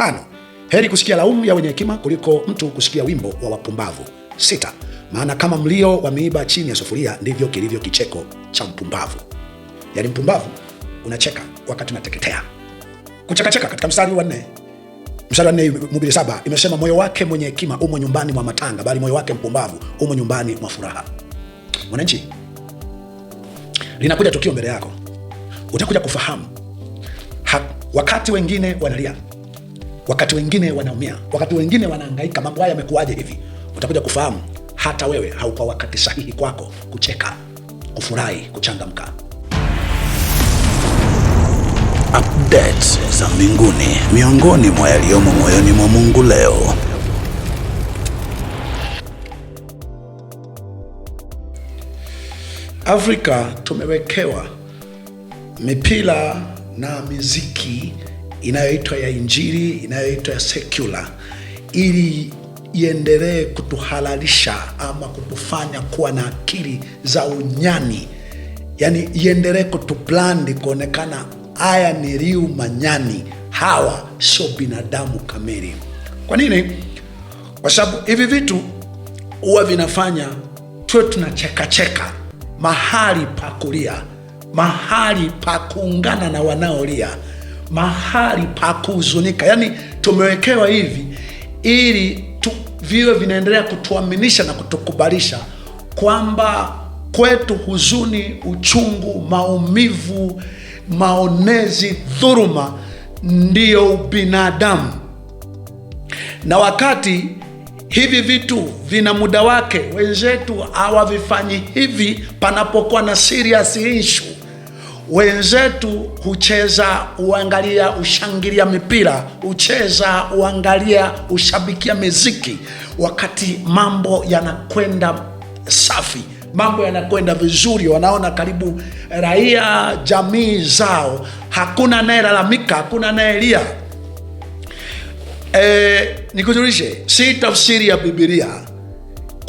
Tano, heri kusikia laumu ya wenye hekima kuliko mtu kusikia wimbo wa wapumbavu. Sita, maana kama mlio wa miiba chini ya sufuria ndivyo kilivyo kicheko cha mpumbavu. Yaani mpumbavu unacheka wakati unateketea. Kuchekacheka katika mstari wa nne mstari wa nne Mhubiri saba imesema moyo wake mwenye hekima umo nyumbani mwa matanga, bali moyo wake mpumbavu umo nyumbani mwa furaha. Mwananchi, linakuja tukio mbele yako, utakuja kufahamu ha, wakati wengine wanalia wakati wengine wanaumia, wakati wengine wanaangaika mambo haya yamekuwaje hivi? Utakuja kufahamu hata wewe haukuwa wakati sahihi kwako kucheka, kufurahi, kuchangamka. Updates za mbinguni, miongoni mwa yaliyomo moyoni mwa Mungu leo. Afrika tumewekewa mipira na miziki inayoitwa ya Injili, inayoitwa ya secular, ili iendelee kutuhalalisha ama kutufanya kuwa na akili za unyani, yani iendelee kutublandi kuonekana haya ni liu manyani, hawa sio binadamu kamili. Kwa nini? Kwa sababu hivi vitu huwa vinafanya tuwe tunachekacheka mahali pa kulia, mahali pa kuungana na wanaolia mahali pa kuhuzunika, Yani tumewekewa hivi ili tu, viwe vinaendelea kutuaminisha na kutukubalisha kwamba kwetu huzuni, uchungu, maumivu, maonezi, dhuruma ndiyo ubinadamu. Na wakati hivi vitu vina muda wake, wenzetu hawavifanyi hivi panapokuwa na serious issue Wenzetu hucheza uangalia ushangilia mipira, hucheza uangalia ushabikia miziki, wakati mambo yanakwenda safi, mambo yanakwenda vizuri, wanaona karibu raia jamii zao, hakuna anayelalamika, hakuna anayelia. E, nikujulishe, si tafsiri ya Bibilia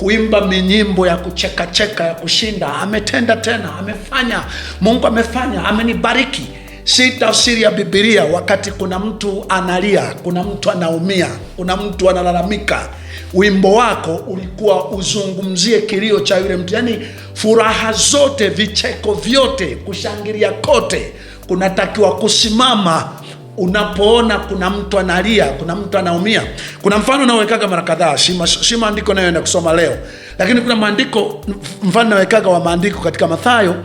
kuimba minyimbo ya kuchekacheka ya kushinda. Ametenda tena, amefanya. Mungu amefanya, amenibariki. Si tafsiri ya Bibilia wakati kuna mtu analia, kuna mtu anaumia, kuna mtu analalamika, wimbo wako ulikuwa uzungumzie kilio cha yule mtu. Yaani furaha zote, vicheko vyote, kushangilia kote kunatakiwa kusimama unapoona kuna mtu analia, kuna mtu anaumia, kuna mfano unaowekaga mara kadhaa, si maandiko nayoenda kusoma leo, lakini kuna maandiko, mfano nawekaga wa maandiko katika Mathayo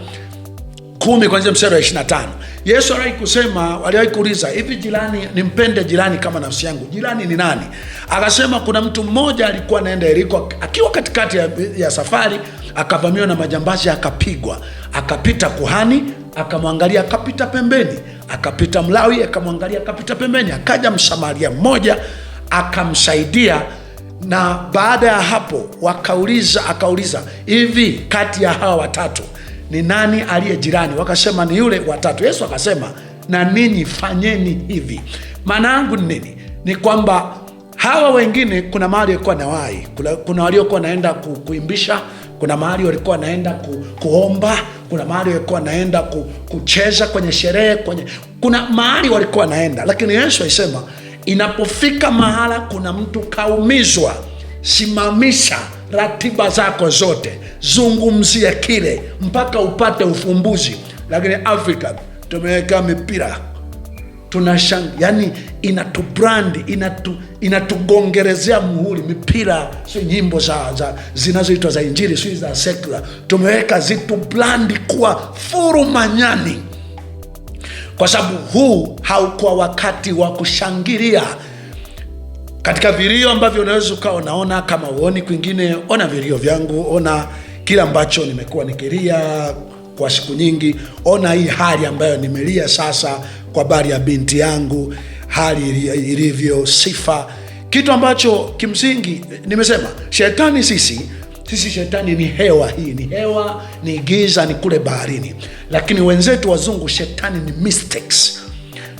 kumi kuanzia mstari wa ishirini na tano. Yesu aliwahi kusema, waliwahi kuuliza hivi, jirani nimpende jirani kama nafsi yangu, jirani ni nani? Akasema kuna mtu mmoja alikuwa anaenda Yeriko, akiwa katikati ya, ya safari akavamiwa na majambazi, akapigwa. Akapita kuhani akamwangalia, akapita pembeni Akapita Mlawi akamwangalia, akapita pembeni, akaja Msamaria mmoja akamsaidia. Na baada ya hapo wakauliza, akauliza hivi, kati ya hawa watatu ni nani aliye jirani? Wakasema ni yule watatu. Yesu akasema na ninyi fanyeni hivi. Maana yangu ni nini? Ni kwamba hawa wengine kuna mahali walikuwa na wai, kuna waliokuwa wanaenda ku, kuimbisha, kuna mahali walikuwa wanaenda ku, kuomba kuna mahali walikuwa wanaenda kucheza kwenye sherehe, kwenye kuna mahali walikuwa wanaenda, lakini Yesu alisema inapofika mahala kuna mtu kaumizwa, simamisha ratiba zako zote, zungumzia kile mpaka upate ufumbuzi. Lakini Afrika tumeweka mipira tunashang yani, inatubrandi inatu, inatugongerezea muhuri mipira, si nyimbo za, za zinazoitwa za injili, si za sekula, tumeweka zitu kuwa furumanyani, kwa sababu huu haukuwa wakati wa kushangilia katika vilio ambavyo unaweza ukawa unaona kama uoni kwingine. Ona vilio vyangu, ona kile ambacho nimekuwa nikilia kwa siku nyingi. Ona hii hali ambayo nimelia sasa kwa habari ya binti yangu, hali ilivyo, sifa, kitu ambacho kimsingi nimesema shetani sisi sisi shetani ni hewa, hii ni hewa, ni giza, ni kule baharini. Lakini wenzetu wazungu shetani ni mistakes.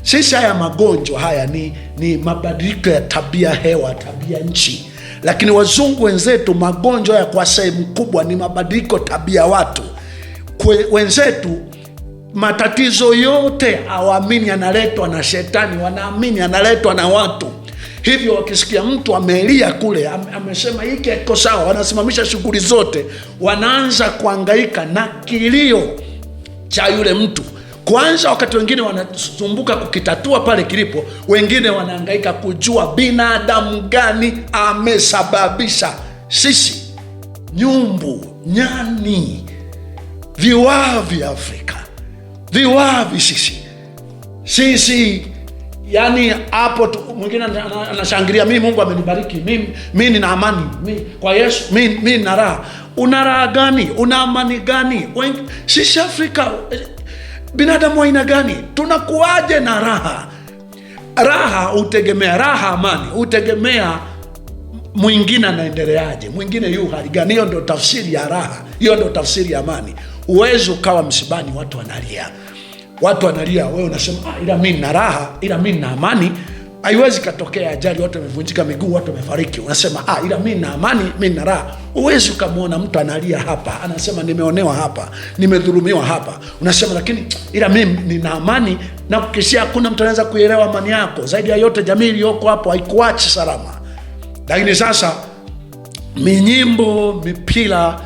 Sisi haya magonjwa haya ni, ni mabadiliko ya tabia hewa, tabia nchi. Lakini wazungu wenzetu magonjwa haya kwa sehemu kubwa ni mabadiliko tabia watu wenzetu matatizo yote hawaamini analetwa na shetani, wanaamini analetwa na watu. Hivyo wakisikia mtu amelia kule, amesema hiki kiko sawa, wanasimamisha shughuli zote, wanaanza kuangaika na kilio cha yule mtu kwanza. Wakati wengine wanasumbuka kukitatua pale kilipo, wengine wanaangaika kujua binadamu gani amesababisha sisi nyumbu, nyani viwavi Afrika, viwavi sisi sisi Yani hapo mwingine anashangilia, mi Mungu amenibariki, mi, mi nina amani mi, kwa Yesu mi, mi nina raha. Una raha gani? Una amani gani? Sisi Afrika binadamu aina gani? Tunakuwaje na raha? Raha hutegemea raha, amani hutegemea mwingine anaendeleaje, mwingine yu hali gani. Hiyo ndio tafsiri ya raha, hiyo ndo tafsiri ya amani. Uwezi ukawa msibani, watu wanalia, watu wanalia, wewe unasema ah, ila mi na raha, ila mi na amani. Haiwezi katokea ajali, watu wamevunjika miguu, watu wamefariki, unasema ah, ila mi na amani, mi nina raha. Uwezi ukamwona mtu analia hapa, anasema nimeonewa hapa, nimedhulumiwa hapa, unasema lakini, ila mi nina amani. Na kukisia, hakuna mtu anaweza kuielewa amani yako. Zaidi ya yote, jamii iliyoko hapo haikuachi salama. Lakini sasa minyimbo, mipira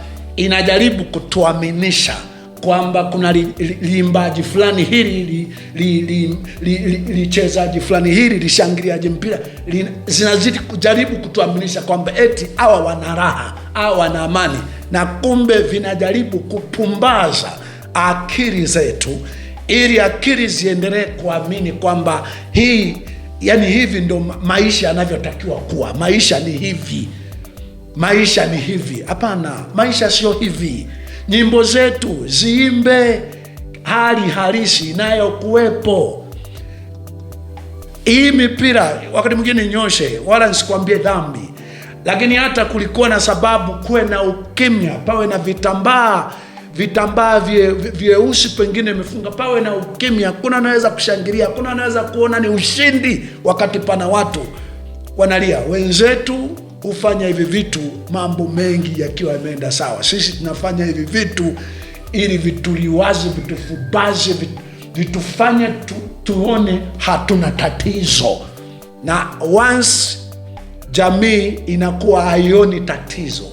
inajaribu kutuaminisha kwamba kuna liimbaji li, li fulani hili lichezaji li, li, li, li fulani hili lishangiliaji mpira li, zinazidi kujaribu kutuaminisha kwamba eti hawa wana raha, awa wana amani, na kumbe vinajaribu kupumbaza akili zetu ili akili ziendelee kuamini kwamba hii, yani hivi ndo maisha yanavyotakiwa kuwa, maisha ni hivi maisha ni hivi. Hapana, maisha sio hivi. Nyimbo zetu ziimbe hali halisi inayokuwepo. Hii mipira wakati mwingine nyoshe, wala nsikuambie dhambi, lakini hata kulikuwa na sababu kuwe na ukimya, pawe na vitambaa vitambaa vyeusi vye pengine imefunga, pawe na ukimya. Kuna anaweza kushangilia, kuna anaweza kuona ni ushindi, wakati pana watu wanalia. Wenzetu kufanya hivi vitu, mambo mengi yakiwa yameenda sawa. Sisi tunafanya hivi vitu ili vituliwaze, vitufubaze, vitufanye tu, tuone hatuna tatizo, na once jamii inakuwa haioni tatizo,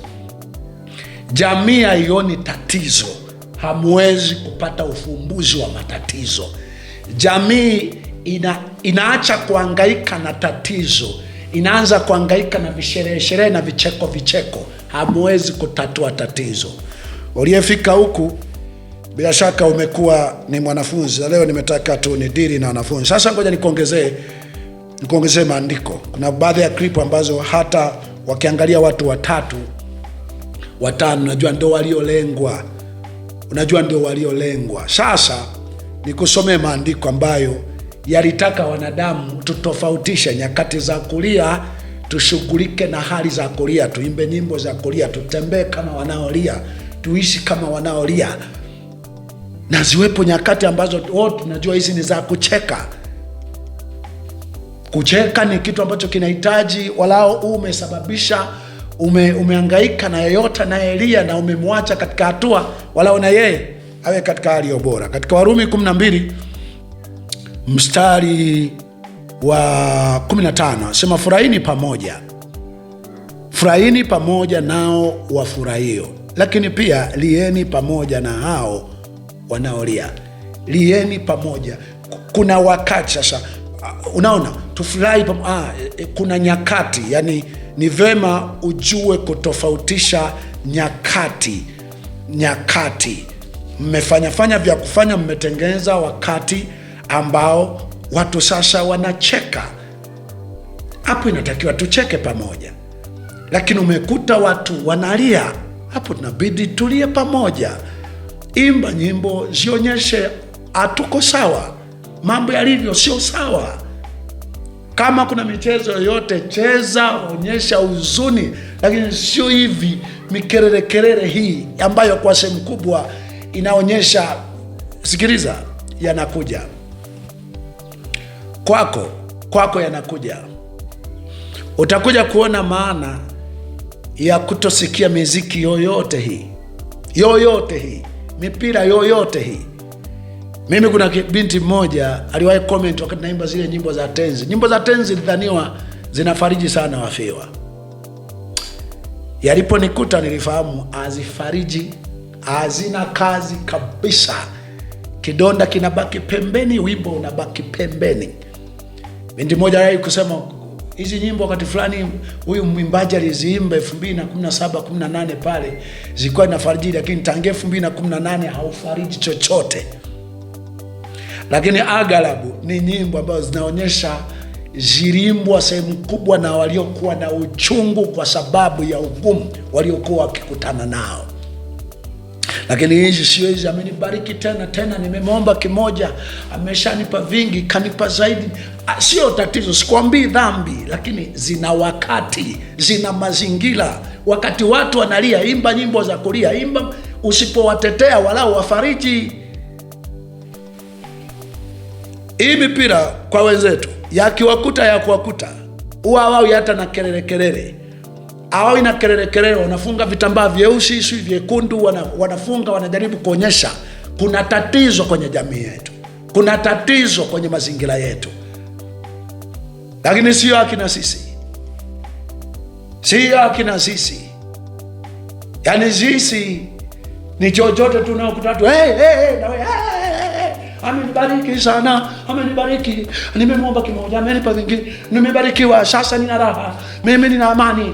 jamii haioni tatizo, hamwezi kupata ufumbuzi wa matatizo. Jamii ina, inaacha kuangaika na tatizo inaanza kuangaika na visherehe sherehe na vicheko vicheko, hamwezi kutatua tatizo. Uliyefika huku bila shaka umekuwa ni mwanafunzi, na leo nimetaka tu ni dili na wanafunzi. Sasa ngoja nikuongezee nikuongezee maandiko. Kuna baadhi ya klipu ambazo hata wakiangalia watu watatu watano, unajua ndio waliolengwa, unajua ndio waliolengwa. Sasa nikusomee maandiko ambayo yalitaka wanadamu tutofautishe nyakati za kulia, tushughulike na hali za kulia, tuimbe nyimbo za kulia, tutembee kama wanaolia, tuishi kama wanaolia, na ziwepo nyakati ambazo wote oh, tunajua hizi ni za kucheka. Kucheka ni kitu ambacho kinahitaji walao umesababisha ume, umeangaika na yeyote anayelia na umemwacha katika hatua walao na yeye awe katika hali bora. Katika Warumi 1b mstari wa 15, sema furahini pamoja, furahini pamoja nao wafurahio, lakini pia lieni pamoja na hao wanaolia. Lieni pamoja, kuna wakati sasa uh, unaona tufurahi Ah, e, kuna nyakati yani ni vema ujue kutofautisha nyakati. Nyakati mmefanyafanya vya kufanya, mmetengeneza wakati ambao watu sasa wanacheka. Hapo inatakiwa tucheke pamoja, lakini umekuta watu wanalia, hapo tunabidi tulie pamoja. Imba nyimbo zionyeshe hatuko sawa, mambo yalivyo sio sawa. Kama kuna michezo yoyote cheza, onyesha huzuni, lakini sio hivi mikerere kerere hii ambayo kwa sehemu kubwa inaonyesha. Sikiliza, yanakuja kwako kwako yanakuja. Utakuja kuona maana ya kutosikia miziki yoyote hii yoyote hii mipira yoyote hii. Mimi kuna binti mmoja aliwahi comment wakati naimba zile nyimbo za tenzi. Nyimbo za tenzi zilidhaniwa zinafariji sana wafiwa. Yaliponikuta nilifahamu azifariji, hazina kazi kabisa. Kidonda kinabaki pembeni, wimbo unabaki pembeni. Binti moja rai kusema hizi nyimbo wakati fulani huyu mwimbaji aliziimba elfu mbili na kumi na saba kumi na nane pale zilikuwa na fariji, lakini tangia elfu mbili na kumi na nane haufariji chochote. Lakini aghalabu ni nyimbo ambazo zinaonyesha ziliimbwa sehemu kubwa na waliokuwa na uchungu kwa sababu ya ugumu waliokuwa wakikutana nao. Lakini hizi sio hizi, amenibariki tena tena, nimemwomba kimoja, ameshanipa vingi, kanipa zaidi, Ah, sio tatizo, sikwambii dhambi, lakini zina wakati, zina mazingira. Wakati watu wanalia, imba nyimbo za kulia, imba. Usipowatetea walau wafariji. Hii mipira kwa wenzetu, yakiwakuta ya kuwakuta, huwa hawawi hata na kelele kelele, hawawi na kelele kelele. Wanafunga vitambaa vyeusi, si vyekundu, wana, wanafunga, wanajaribu kuonyesha kuna tatizo kwenye jamii yetu, kuna tatizo kwenye mazingira yetu lakini siyo akina sisi, siyo akina sisi. Yani sisi ni chochote tunaokuta tu, hey, hey, hey, amenibariki sana, amenibariki, nimemwomba kimoja, amenipa vingi, nimebarikiwa, sasa nina raha, mimi nina amani.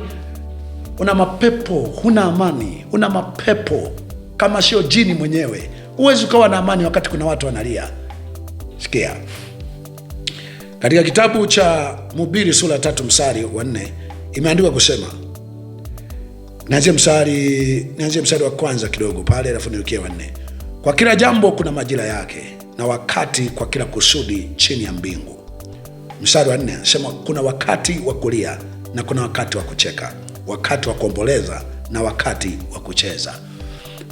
Una mapepo, huna amani, una mapepo kama sio jini mwenyewe. Huwezi ukawa na amani wakati kuna watu wanalia. Sikia. Katika kitabu cha Mhubiri sura tatu msari wa nne imeandikwa kusema, nianzie msari nianzie wa kwanza kidogo pale, alafu niukie wa nne. Kwa kila jambo kuna majira yake na wakati kwa kila kusudi chini ya mbingu. Msari wa nne anasema kuna wakati wa kulia na kuna wakati wa kucheka, wakati wa kuomboleza na wakati wa kucheza.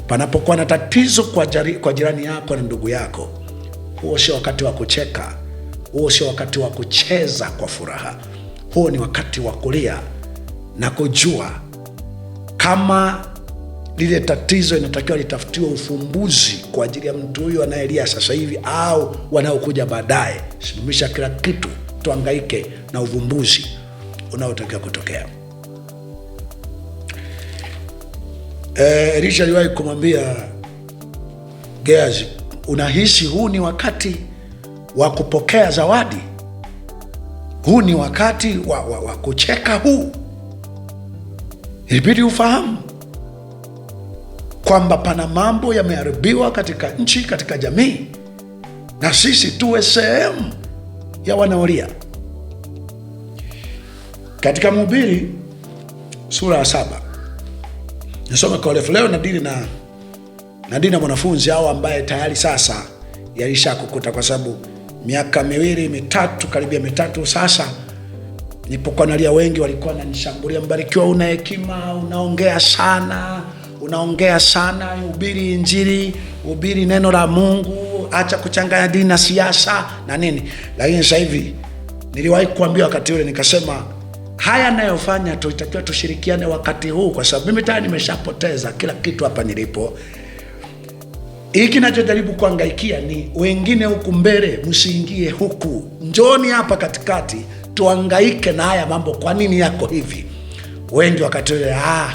Panapokuwa na tatizo kwa, jari, kwa jirani yako na ndugu yako, huo sio wakati wa kucheka huo sio wakati wa kucheza kwa furaha, huo ni wakati wa kulia na kujua kama lile tatizo linatakiwa litafutiwe ufumbuzi kwa ajili ya mtu huyu anayelia sasa hivi au wanaokuja baadaye. Simamisha kila kitu, tuangaike na uvumbuzi unaotakiwa kutokea. Elisha eh, aliwahi kumwambia Geazi, unahisi huu ni wakati wa kupokea zawadi. Huu ni wakati wa, wa, wa kucheka. Huu ilibidi ufahamu kwamba pana mambo yameharibiwa katika nchi, katika jamii, na sisi tuwe sehemu ya wanaolia. Katika Mhubiri sura ya saba nisome kwa urefu leo, nadili na nadili na mwanafunzi au ambaye tayari sasa yalishakukuta kwa sababu miaka miwili mitatu, karibia mitatu sasa, nilipokuwa nalia, wengi walikuwa wananishambulia, Mbarikiwa una hekima, unaongea sana, unaongea sana, ubiri Injili, ubiri neno la Mungu, acha kuchanganya dini na siasa na nini. Lakini sasa hivi niliwahi kuambia wakati ule nikasema haya nayofanya, tuitakiwa tushirikiane wakati huu, kwa sababu mimi tayari nimeshapoteza kila kitu hapa nilipo hii kinachojaribu kuangaikia ni wengine huku mbele, msiingie huku, njoni hapa katikati, tuangaike na haya mambo. Kwa nini yako hivi? Wengi wakati ah,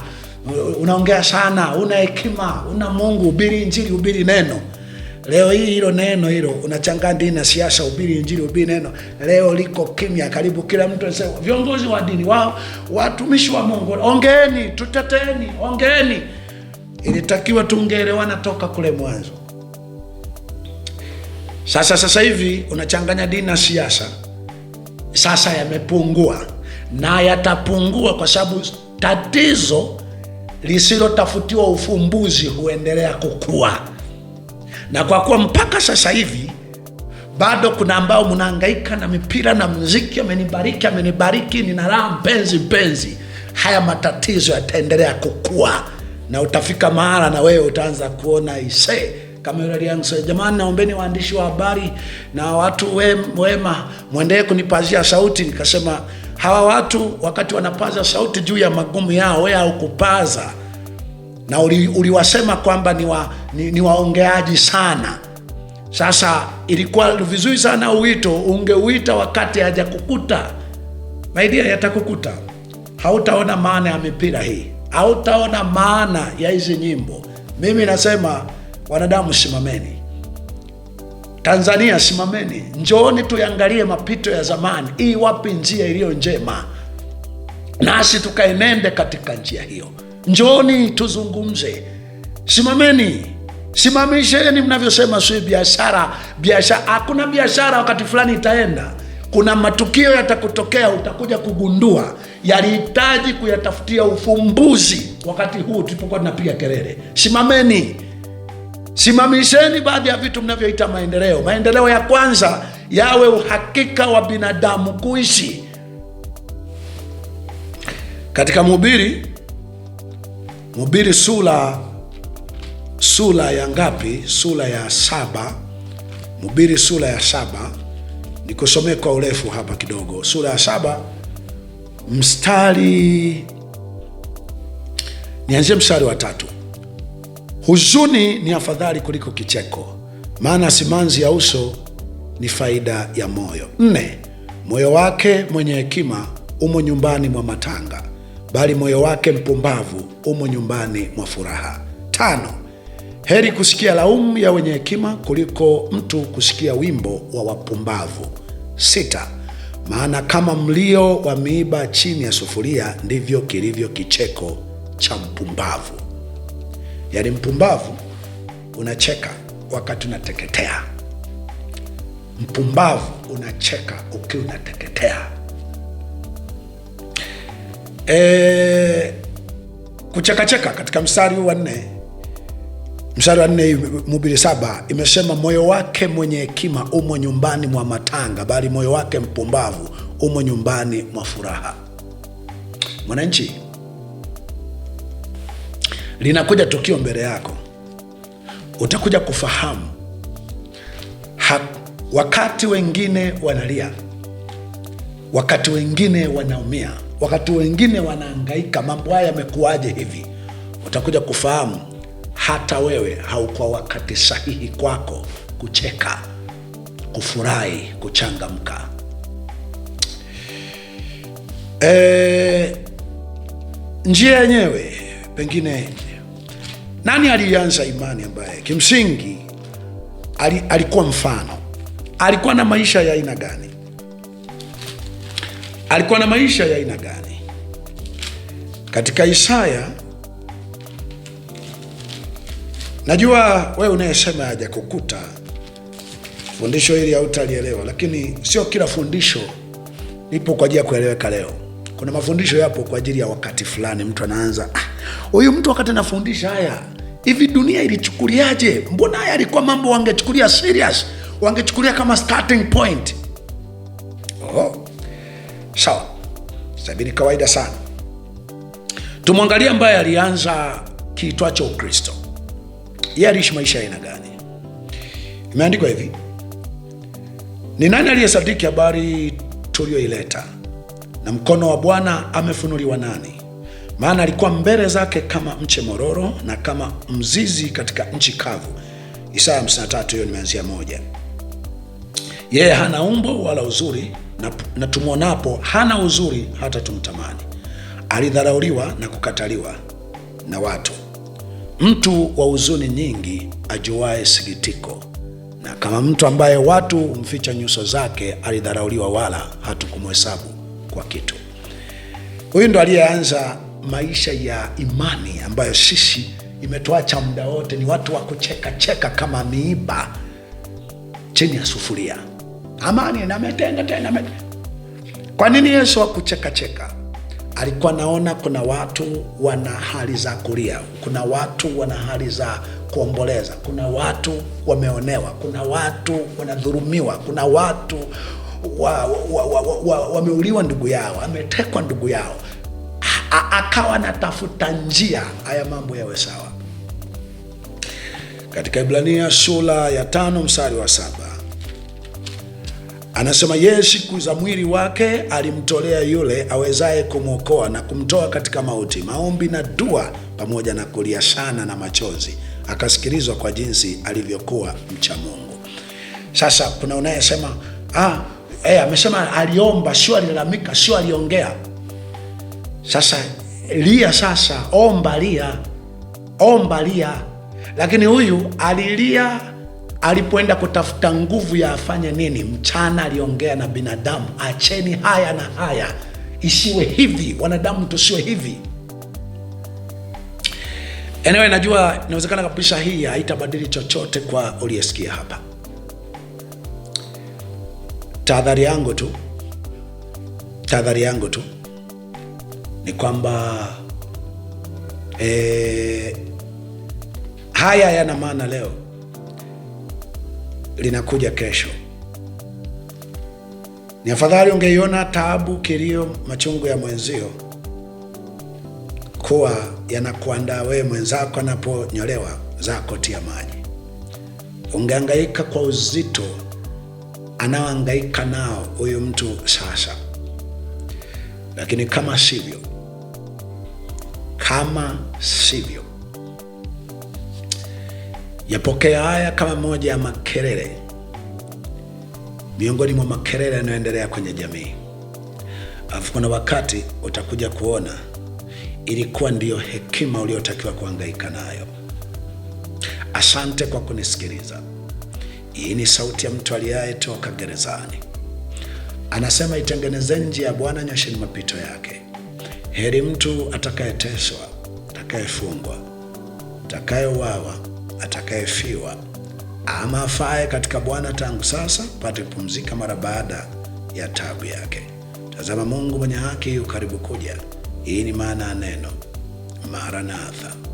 unaongea sana, una hekima, una Mungu, ubiri Injili, ubiri neno. Leo hii hilo neno hilo unachanganya dini na siasa, ubiri Injili, ubiri neno. Leo liko kimya, karibu kila mtu anasema, viongozi wa dini wao, watumishi wa Mungu, ongeeni, tuteteni, ongeeni Ilitakiwa tungeelewana toka kule mwanzo. Sasa sasa hivi unachanganya dini na siasa, sasa yamepungua na yatapungua, kwa sababu tatizo lisilotafutiwa ufumbuzi huendelea kukua, na kwa kuwa mpaka sasa hivi bado kuna ambao mnahangaika na mipira na mziki, amenibariki amenibariki, nina mpenzi mpenzi, haya matatizo yataendelea kukua na utafika mahala na wewe utaanza kuona ise kama yule alianza, jamani, naombeni waandishi wa habari na watu wema mwendee kunipazia sauti. Nikasema hawa watu wakati wanapaza sauti juu ya magumu yao, wewe haukupaza na uliwasema uli kwamba ni, wa, ni, ni waongeaji sana. Sasa ilikuwa vizuri sana uwito ungeuita wakati hajakukuta maidia, yatakukuta hautaona maana ya mipira hii hautaona maana ya hizi nyimbo. Mimi nasema wanadamu, simameni. Tanzania simameni, njooni tuangalie mapito ya zamani, hii wapi njia iliyo njema, nasi tukaenende katika njia hiyo. Njooni tuzungumze, simameni, simamisheni mnavyosema, sio biashara. Biashara hakuna biashara, wakati fulani itaenda. Kuna matukio yatakutokea, utakuja kugundua yalihitaji kuyatafutia ufumbuzi wakati huu tulipokuwa tunapiga kelele. Simameni, simamisheni baadhi ya vitu mnavyoita maendeleo. Maendeleo ya kwanza yawe uhakika wa binadamu kuishi. Katika Mhubiri, Mhubiri sura sura ya ngapi? Sura ya saba. Mhubiri sura ya saba, nikusomee kwa urefu hapa kidogo. Sura ya saba mstari, nianzie mstari wa tatu. Huzuni ni afadhali kuliko kicheko, maana simanzi ya uso ni faida ya moyo. Nne, moyo wake mwenye hekima umo nyumbani mwa matanga, bali moyo wake mpumbavu umo nyumbani mwa furaha. Tano, heri kusikia laumu ya wenye hekima kuliko mtu kusikia wimbo wa wapumbavu. Sita, maana kama mlio wa miiba chini ya sufuria ndivyo kilivyo kicheko cha mpumbavu. Yaani mpumbavu unacheka wakati unateketea, mpumbavu unacheka ukiwa unateketea. E, kuchekacheka katika mstari huu wa nne mstari wa nne Mhubiri saba imesema moyo wake mwenye hekima umo nyumbani mwa matanga, bali moyo wake mpumbavu umo nyumbani mwa furaha. Mwananchi, linakuja tukio mbele yako, utakuja kufahamu ha, wakati wengine wanalia, wakati wengine wanaumia, wakati wengine wanaangaika, mambo haya yamekuwaje hivi? Utakuja kufahamu hata wewe haukuwa wakati sahihi kwako kucheka, kufurahi, kuchangamka. E, njia yenyewe pengine nani alianza imani ambaye kimsingi ali, alikuwa mfano, alikuwa na maisha ya aina gani? Alikuwa na maisha ya aina gani? Katika Isaya Najua wewe unayesema hajakukuta fundisho hili hautalielewa, lakini sio kila fundisho lipo kwa ajili ya kueleweka leo. Kuna mafundisho yapo kwa ajili ya wakati fulani. Mtu anaanza ah, huyu, ah, mtu wakati anafundisha haya hivi dunia ilichukuliaje? Mbona haya alikuwa mambo wangechukulia serious, wangechukulia kama starting point. Oh, sawa. Sabi ni kawaida sana tumwangalie ambaye alianza kiitwacho Ukristo yeye aliishi maisha aina gani? Imeandikwa hivi, ni nani aliyesadiki habari tuliyoileta, na mkono wa Bwana amefunuliwa nani? Maana alikuwa mbele zake kama mche mororo na kama mzizi katika nchi kavu. Isaya 53, hiyo nimeanzia moja. Yeye hana umbo wala uzuri na, na tumwonapo hana uzuri hata tumtamani. Alidharauliwa na kukataliwa na watu mtu wa huzuni nyingi ajuaye sikitiko, na kama mtu ambaye watu humficha nyuso zake, alidharauliwa wala hatukumhesabu kwa kitu. Huyu ndo aliyeanza maisha ya imani ambayo sisi imetuacha muda wote ni watu wa kucheka cheka kama miiba chini ya sufuria. Amani nametenda tena. Kwa nini Yesu wa kuchekacheka alikuwa naona kuna watu wana hali za kulia, kuna watu wana hali za kuomboleza, kuna watu wameonewa, kuna watu wanadhulumiwa, kuna watu wameuliwa wa, wa, wa, wa, wa ndugu yao, ametekwa ndugu yao, akawa natafuta njia haya mambo yawe sawa. Katika Ibrania sura ya tano mstari wa saba Anasema yeye siku za mwili wake alimtolea yule awezaye kumwokoa na kumtoa katika mauti, maombi na dua, pamoja na kulia sana na machozi, akasikilizwa kwa jinsi alivyokuwa mcha Mungu. Sasa kuna unayesema ah, eh, amesema aliomba, sio alilalamika, sio aliongea. Sasa lia, sasa omba, lia, omba, lia, lakini huyu alilia alipoenda kutafuta nguvu ya afanye nini, mchana aliongea na binadamu, acheni haya na haya, isiwe hivi, wanadamu tusiwe hivi. Anyway, najua inawezekana kabisa hii haitabadili chochote kwa uliyesikia hapa. Tahadhari yangu tu, tahadhari yangu tu ni kwamba eh, haya yana maana leo linakuja kesho. Ni afadhali ungeiona taabu, kilio, machungu ya mwenzio kuwa yanakuandaa wewe mwenzako anaponyolewa zako tia maji. Ungehangaika kwa uzito anaohangaika nao huyu mtu sasa, lakini kama sivyo, kama sivyo yapokea haya kama moja ya makelele miongoni mwa makelele yanayoendelea kwenye jamii. Alafu kuna wakati utakuja kuona ilikuwa ndiyo hekima uliotakiwa kuhangaika nayo. Asante kwa kunisikiliza. Hii ni sauti ya mtu aliyetoka gerezani, anasema itengeneze njia ya Bwana, nyosheni mapito yake. Heri mtu atakayeteswa, atakayefungwa, atakayeuawa atakayefiwa ama afaye katika Bwana tangu sasa pate kupumzika mara baada ya tabu yake. Tazama, Mungu mwenye haki yu karibu kuja. Hii ni maana ya neno Maranatha.